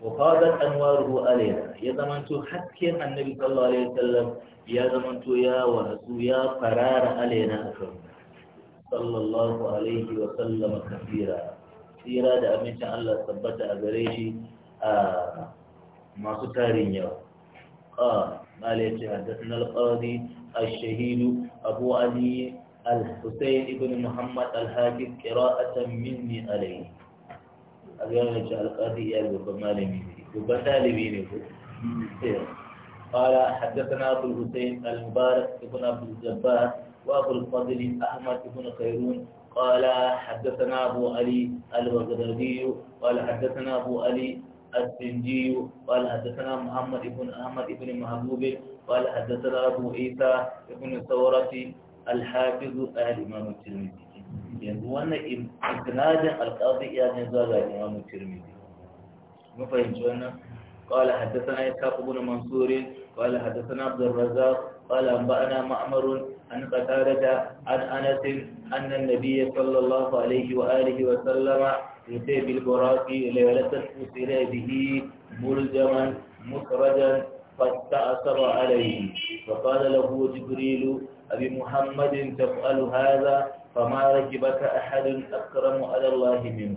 Speaker 1: wa qadat anwaruhu alayna ya zamanto hasken annabi sallallahu alaihi wasallam ya zamanto ya wa warasu ya farara alayna akan sallallahu alaihi wa sallama kafira tsira da amincin Allah tabbata a gare shi a masu tarin yau ƙalai ce a dasnal ƙarni a shahilu abu ali al-husayn ibn muhammad al-hakim ƙira'atan minni alayi a ganin ce alƙarni ya rubuta malami ne rubuta talibi ne ko قال حدثنا ابو الحسين المبارك ابن عبد الجبار وابو الفضل احمد بن خيرون قال حدثنا ابو علي الوزردي قال حدثنا ابو علي الدنجي قال حدثنا محمد بن أحمد بن محبوب قال حدثنا أبو عيسى بن الثورة الحافظ اهل امام الترمذي يعني هو ان اسناد القاضي ne zuwa ga الترمذي ما فهمت fahimci قال حدثنا إسحاق بن منصور قال حدثنا عبد الرزاق قال أنبأنا معمر عن قتادة عن أنس أن النبي صلى الله عليه وآله وسلم يتي بالبراك ليلة أسر به ملجما مخرجا فاستأثر عليه فقال له جبريل أبي محمد تفعل هذا فما ركبك أحد أكرم على الله منه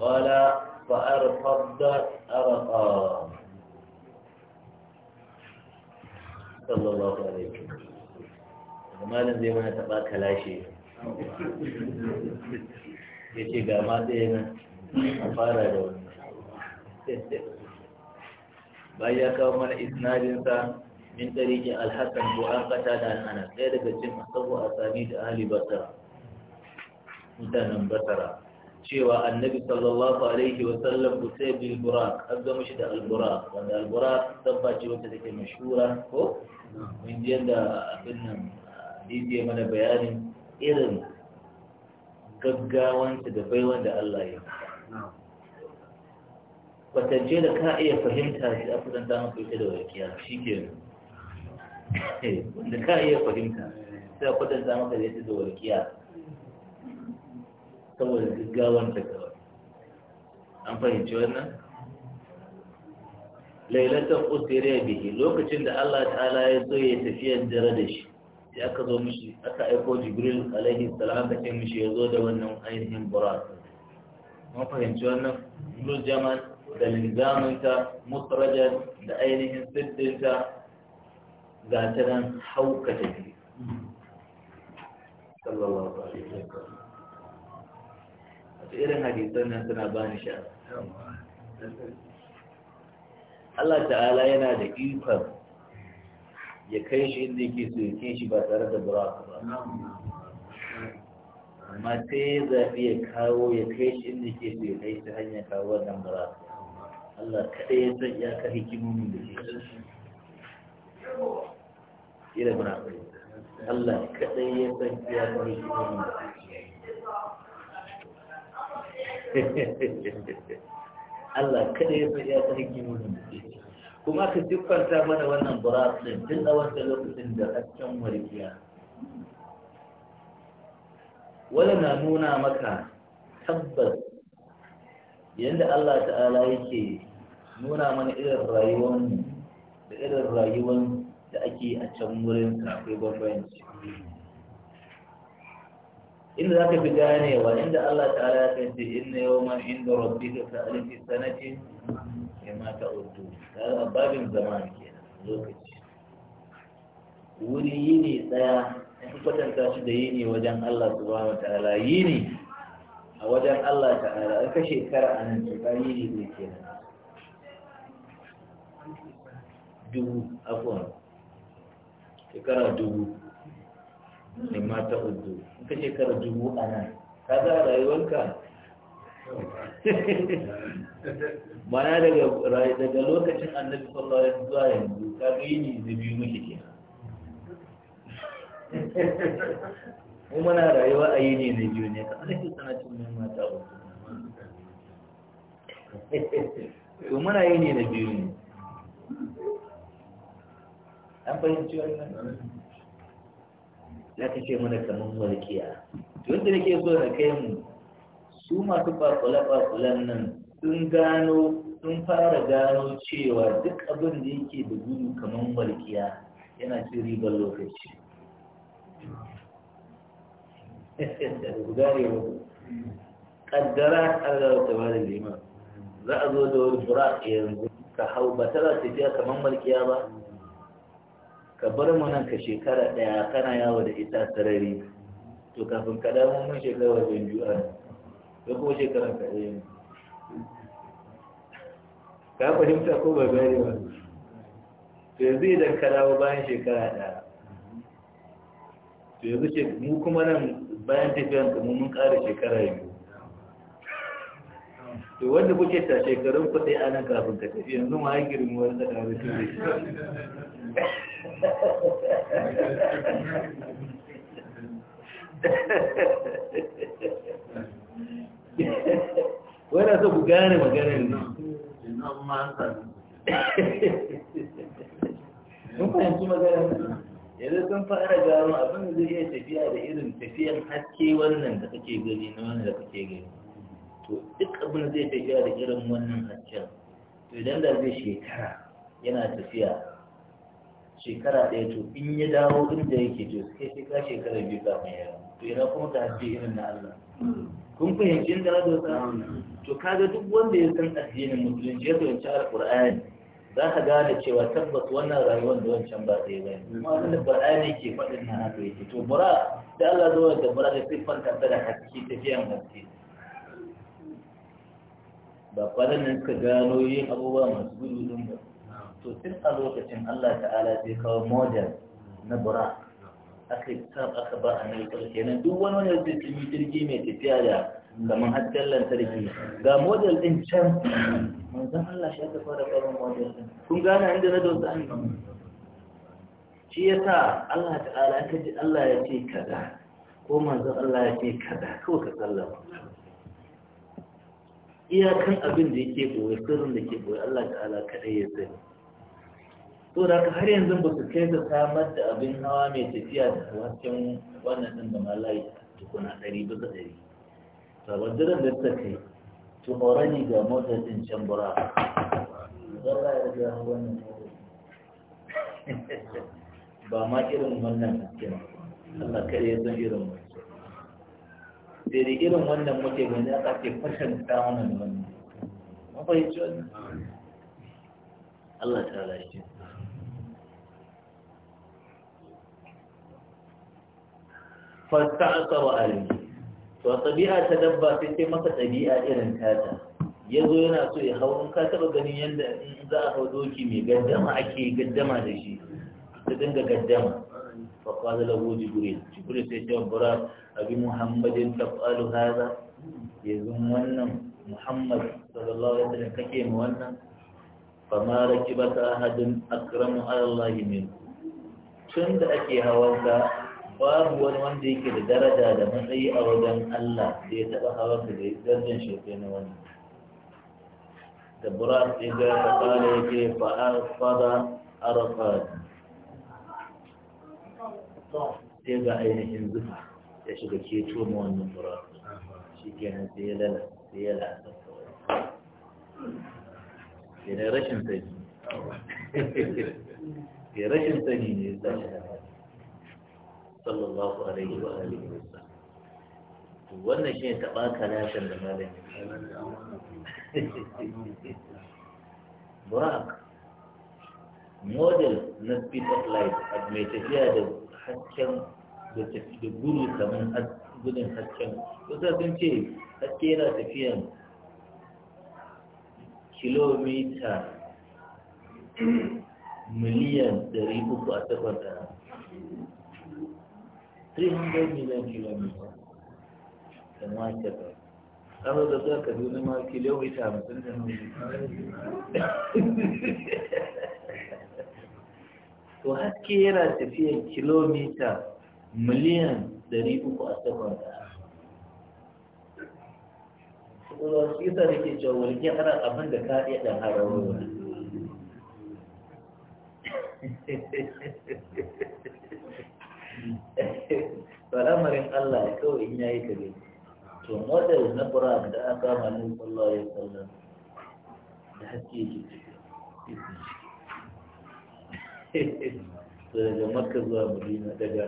Speaker 1: قال فأرفض أرقى صلى الله عليه وسلم daga malam zai mana taɓa kalashe ya ce ga ma ɗaya nan a fara da wani bayan ya kawo mana isnadinsa min tariki alhassan ko an kata da al'anas ɗaya daga cin asabu a sami da ahali basara mutanen basara cewa annabi sallallahu alaihi wa sallam busai bil burak an zama shi da Albura, wanda Albura dabba ce wacce take mashura ko mun da abin nan hadisi mana bayanin irin gaggawanta da baiwan da Allah ya kwatance da ka iya fahimta shi a kusan damar kusa da wakiya shi ke wanda ka iya fahimta sai a kusan damar kusa da wakiya saboda gaggawanta kawai an fahimci wannan lailatar usiriya biki lokacin da Allah ta'ala ya zo ya tafiya dare da shi sai aka zo mishi aka aiko jibril alaihi salam aka ce mishi ya zo da wannan ainihin burat mun fahimci wannan blue jaman da linzaminta mutrajar da ainihin siddinta ga ta nan hauka ta biyu sallallahu irin hadisan nan suna ba ni sha Allah ta'ala yana da ikon ya kai shi inda yake so ya kai shi ba tare da buraka ba amma sai ya zaɓi ya kawo ya kai shi inda yake so ya kai shi hanyar kawo wannan buraka Allah kaɗai ya san ya kai hikimomin da ke ila buraka Allah kaɗai ya san ya kai hikimomin da ke Allah kaɗai ya san ya kai hikimomin da ke kuma ka siffanta mana wannan buras tun a wancan lokacin da can warkiya wani na nuna maka tabbas yadda Allah ta'ala yake nuna mana irin rayuwar da irin rayuwar da ake a can wurin kafin bambanci inda za ka fi ganewa inda Allah ta'ala ya kan ce inna yawman inda rabbika ka alfi sanatin kama ta uddu kaga babin zaman kenan lokaci wuri yini tsaya an kwatanta shi da yini wajen Allah subhanahu wa ta'ala yini a wajen Allah ta'ala an kashe kar a nan to kai yini ne kenan dubu afwan shekara dubu ne mata uddu in ka shekara dubu a nan ka za rayuwarka
Speaker 2: mana daga daga lokacin
Speaker 1: annabi sallallahu alaihi zuwa yanzu ka ga yini da biyu muke kenan mu muna rayuwa a yini da biyu ne ka sana cin mai mata uku to muna yini da biyu ne an fahimci wannan za ka ce mana kamar walƙiya to yadda nake so na kai mu su masu kwakwale-kwakwalen nan sun gano sun fara gano cewa duk abin da yake da gudu kamar walƙiya yana cin ribar lokaci ƙaddara allah ta ba da liman za a zo da wani burak yanzu ka hau ba tara tafiya kamar malkiya ba ka bar mu ka shekara ɗaya kana yawo da ita sarari to kafin ka damu mun shekara wajen ne, ko kuma shekara ka ɗaya ka fahimta ko ba gane ba to yanzu idan ka dawo bayan shekara ɗaya to yanzu ce mu kuma nan bayan tafiyan mu mun ƙara shekara yanzu to wanda kuke ta shekarun kuɗi a nan kafin ka tafi yanzu ma an girmi wani da ɗaru su ne wani so ku gane maganar nan yanzu sun fara gano abin da zai iya tafiya da irin tafiyan haske wannan da kake gani na wannan da kake gani to duk abin da zai tafiya da irin wannan hasken to idan da zai shekara yana tafiya shekara ɗaya to in ya dawo inda yake to sai sai ka shekara biyu kafin ya to ina kuma ta haske irin na Allah kun fahimci inda na dosa to kaga duk wanda ya san addinin musulunci ya fahimci alƙur'ani za ka gane cewa tabbas wannan rayuwar da wancan ba ɗaya ba kuma abin da ƙur'ani ke faɗin na haka yake to mura da Allah zuwa da mura da siffanta ta da haske tafiyan haske ba kwanan nan suka gano yin abubuwa masu gudu don ba to tun a lokacin Allah ta'ala zai kawo model na bura aka yi sab aka ba a nan kenan duk wani wani zai tuni jirgi mai tafiya da kamar hajjar lantarki ga model ɗin can manzan Allah shi aka fara kawo model ɗin. kun gane inda na dosa an shi ya sa Allah ta'ala ka ji Allah ya ce kaza ko manzan Allah ya ce kaza kawai ka sallama iyakan abin da yake boye sirrin da ke boye Allah ta'ala kaɗai ya sani to da har yanzu ba su kai ka samar da abin hawa mai tafiya da hasken wannan ɗin da malayi tukuna ɗari bisa ɗari sabon jiran da ta kai to horani ga motar ɗin can bura zalla ya riga wannan ba ma irin wannan hasken Allah kare ya san irin wannan sai dai irin wannan muke gani a ce fashin wannan wannan mafahimci wannan Allah ta lafiya fasta'asara alayhi to tabi'a ta dabba sai sai masa tabi'a irin tata yazo yana so ya hau in ka taba ganin yanda in za a hau doki mai gaddama ake gaddama da shi ta dinga gaddama fa qala lahu jibril jibril sai ya bara abi muhammadin tafalu hada yanzu wannan muhammad sallallahu alaihi wasallam kake mu wannan fa ma rakibata ahadun akramu ala allahi min da ake hawan ka. babu wani wanda yake da daraja da matsayi a wajen Allah da ya taɓa hawa da darajar shi na wani da burat ya ga ta kala yake fa'arfada arafat sai ga ainihin zufa ya shiga keto ma wannan burat shi kenan sai ya lalata sai ya lalata kawai rashin sani rashin sani ne ya sa shi da sallallahu alaihi wa alihi wa sallam wannan shi ne taɓa kalashin da malami burak model na speed of light abu mai tafiya da hasken da tafi da guru kamar gudun hasken Wasu sun ce haske yana tafiyan kilomita miliyan 300 a sakon
Speaker 2: 300
Speaker 1: miliyan kilomita da maka ba tsaro da za ka duni ma kilomita hamsin to haske yana tafiya kilomita miliyan 300 a sakwada kisa shi nake cewa wani ana abin da ka iya dan harawa al'amarin Allah ya kawai in yayi kabe to model na Qur'an da aka kama ni sallallahu alaihi wasallam da hakki yake to daga Makka zuwa Madina daga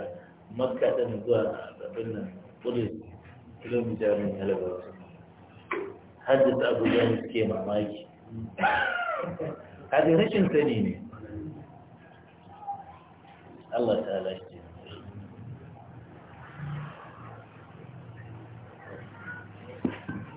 Speaker 1: Makka din zuwa abin nan Qudus kilomita min halaba hadda ta abuja da mamaki hadda sani ne Allah ta halashi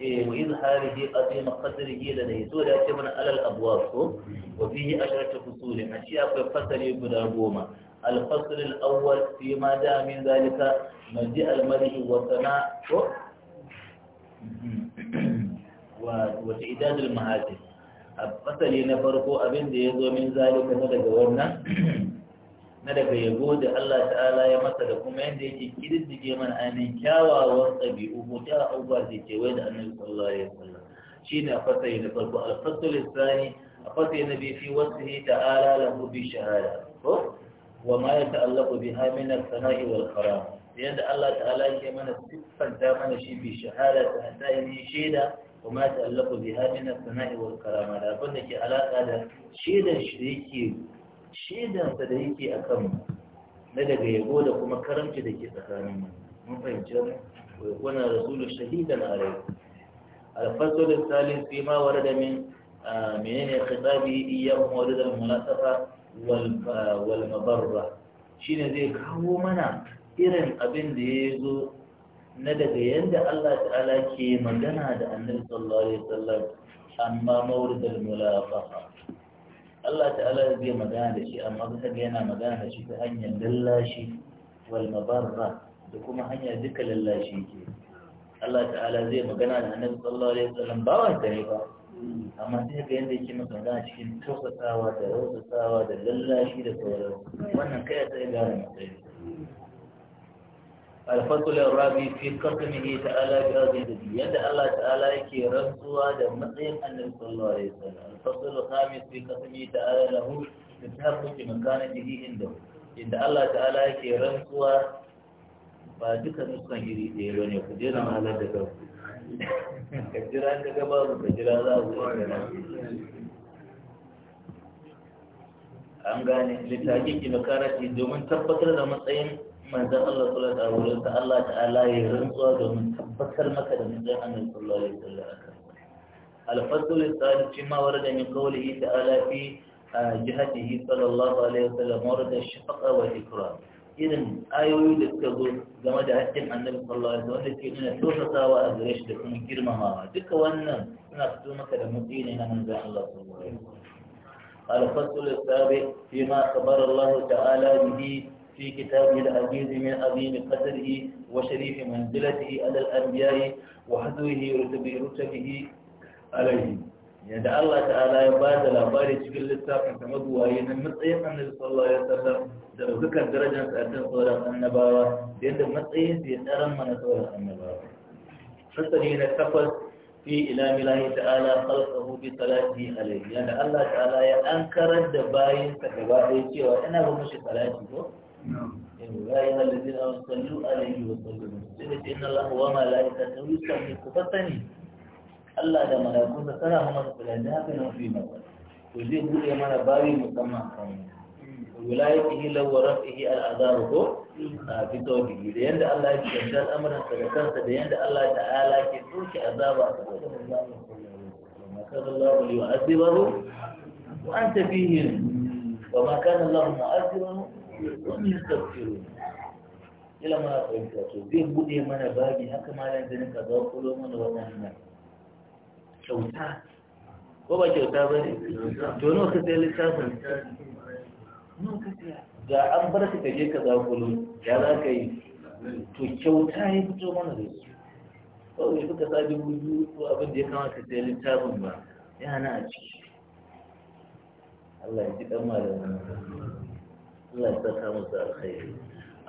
Speaker 1: وإظهاره عظيم قدره لديه سورة يتمنى على الأبواب وفيه عشرة فصول أشياء في فصل يقدرهما الفصل الأول فيما جاء من ذلك مجيء الملك وثناء وتعداد المهاتف الفصل ينفرق أبن ذي من ذلك فدق ورنا na daga yabo da Allah ta'ala ya masa da kuma yadda yake kididdige mana ainihin kyawawan ɗabi'u ko a abubuwa da ke wai da annabi sallallahu alaihi wasallam shi ne a fasari na farko alfasul Lissani, a fasari na biyu fi wasu ta'ala lahu bi shahada ko wa ma ya ta'allaqu bi hamina sana'i wal karam yadda Allah ta'ala ke mana siffanta mana shi bi shahada ta ainihin shaida wa وما يتعلق بها من الثناء والكرامة لابد لك علاقة شيدا شريكي Shidansa da yake a kanmu na daga yabo da kuma karanci da ke tsakaninmu mun fahimci wani wani wani rasulu shahidan arai alfasso salim fi ma wa rada min menene kitabi iya kuma wadda da mulasafa wal mabarra shine zai kawo mana irin abin da ya zo na daga yadda Allah ta'ala ke magana da annabi sallallahu alaihi wasallam amma mawrid al Allah ta'ala zai magana da shi amma kusa ga yana magana da shi ta hanyar lallashi wal mabarra da kuma hanyar duka lallashi ke Allah ta'ala zai magana da annabi sallallahu alaihi wasallam ba wa tare ba amma sai ga yanda yake masa magana cikin tausasawa da rausasawa da lallashi da sauransu wannan kai sai ga matsayi الفصل الرابع في قسمه تعالى بهذه الدنيا يد الله تعالى يكي رسوا دمتين النبي صلى الله عليه وسلم الفصل الخامس في قسمه تعالى له لتحقق مكانته عنده يد الله تعالى يكي رسوا ba duka nuskan iri ɗaya ba ne ku je na mahalar da kanku ka jira ka gaba mu ka jira za ku an gane littafi ki makarati domin tabbatar da matsayin manzon Allah sallallahu alaihi wasallam ta Allah ta'ala ya rantsuwa domin tabbatar maka da manzon Allah sallallahu alaihi al al-thalith ma warada min qawlihi ta'ala fi sallallahu alaihi wasallam warada shafaqa wa ikram irin ayoyi da suka zo game da haƙƙin annabi sallallahu alaihi wasallam ke nuna a gare shi da kuma girmamawa duka wannan suna fito maka da mutsi ne na manzon Allah sallallahu alaihi wasallam al-fasl al fi ma khabara Allah ta'ala bihi في كتاب العزيز من عظيم قدره وشريف منزلته على الأنبياء وحذوه رتبه رتبه عليه يعني الله تعالى يبادى لأباري تقول للساق انت مضوى ينمطي من صلى الله عليه وسلم ذكر درجة سألتين صلى الله عليه وسلم يدعى في أرم من صلى الله عليه وسلم حتى هنا كفت في إلى الله تعالى خلقه بصلاته عليه يعني الله تعالى أنكر يأنكر الدبائي وأنا وإنه مش صلاته يا أيها الذين آمنوا صلوا عليه وسلموا تسليما إن الله وملائكته يصلون فتني Allah da malakunsa tana mana kula da haka nan fi masa to zai bude mana babi musamman kan wilayatihi law wa rafihi al azaru ko a fito bihi da yanda Allah ya kanta al'amuran sa da da Allah ke كان الله ليعذبه وأنت فيهم وما كان الله معذبه kun yi tafsiru ila mana fahimta to zai bude mana babi haka malam zai ka zaƙulo mana wannan kyauta ko ba kyauta ba ne to nawa ka sai littafin nawa ka ga an bar ka je ka zaƙulo ya za ka yi to kyauta ya fito mana da su kawai suka sa dubu biyu ko abin da ya kama ka sai littafin ba yana a ciki Allah ya ji dan malamin Allah ya saka musu alkhairi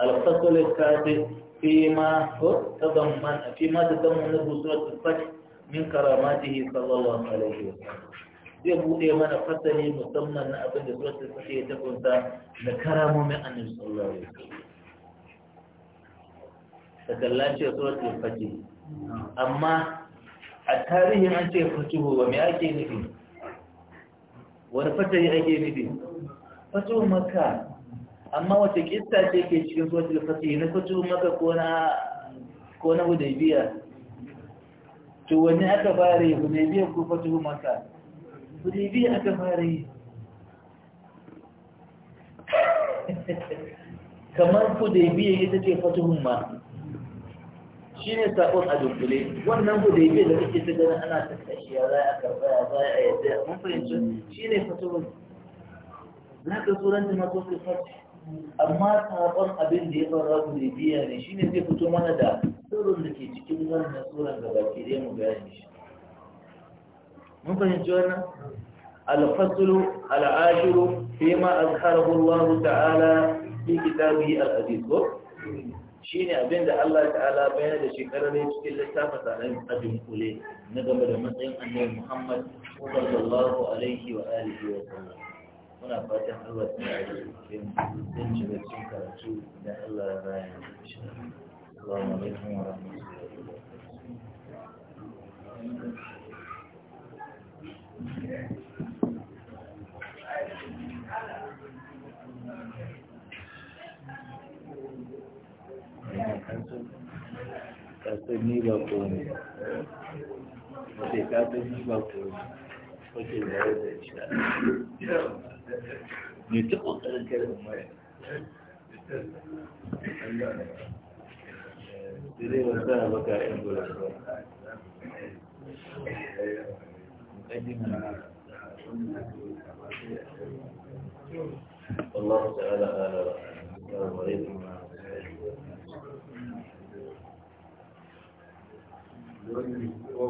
Speaker 1: al-fasl al-kafi fi ma tadamman fi ma tadamman surat ta fath min karamatihi sallallahu alaihi wasallam zai bude mana fasali musamman na abin da surat al-fath ya tabbata da karamomin annabi sallallahu alaihi wasallam da kallace surat al-fath amma a tarihin an ce fatuhu ba mai ake nufi wani fatahi ake nufi fatuhu maka amma wace kista ce ke cikin suratul fasihi na kwacin maka ko na hudaibiyar to wani aka fara yi hudaibiyar ko kwacin maka hudaibiyar aka fara yi kamar hudaybiya ita ce fatuhun ma shi ne sabon a dunkule wannan hudaibiyar da suke ta ganin ana kashi ya zai a karɓa ya za a yadda mun fahimci shi ne fatuhun za ka tsoron da masu fatuhun amma sabon abin da ya fara biya ne shine zai fito mana da sirrin da ke cikin wannan suran da ke da mu bayani shi mun fahimci wannan ma العاشر فيما Ta'ala, الله تعالى في كتابه الحديث shine abin da Allah ta'ala bayyana da shi karare cikin littafin sanan ajin kule na game da matsayin annabi Muhammad sallallahu alaihi wa alihi wa sallam muna fatan Allah ta yi sun shiga cikin karatu da Allah raya Assalamu alaikum wa rahmatullahi wa
Speaker 2: barakatuh.
Speaker 1: kasar ni ba ko ne ba ko ne muke da yau da ne ta kokarin kai da mai Dire baka gura Allah ta'ala Thank you.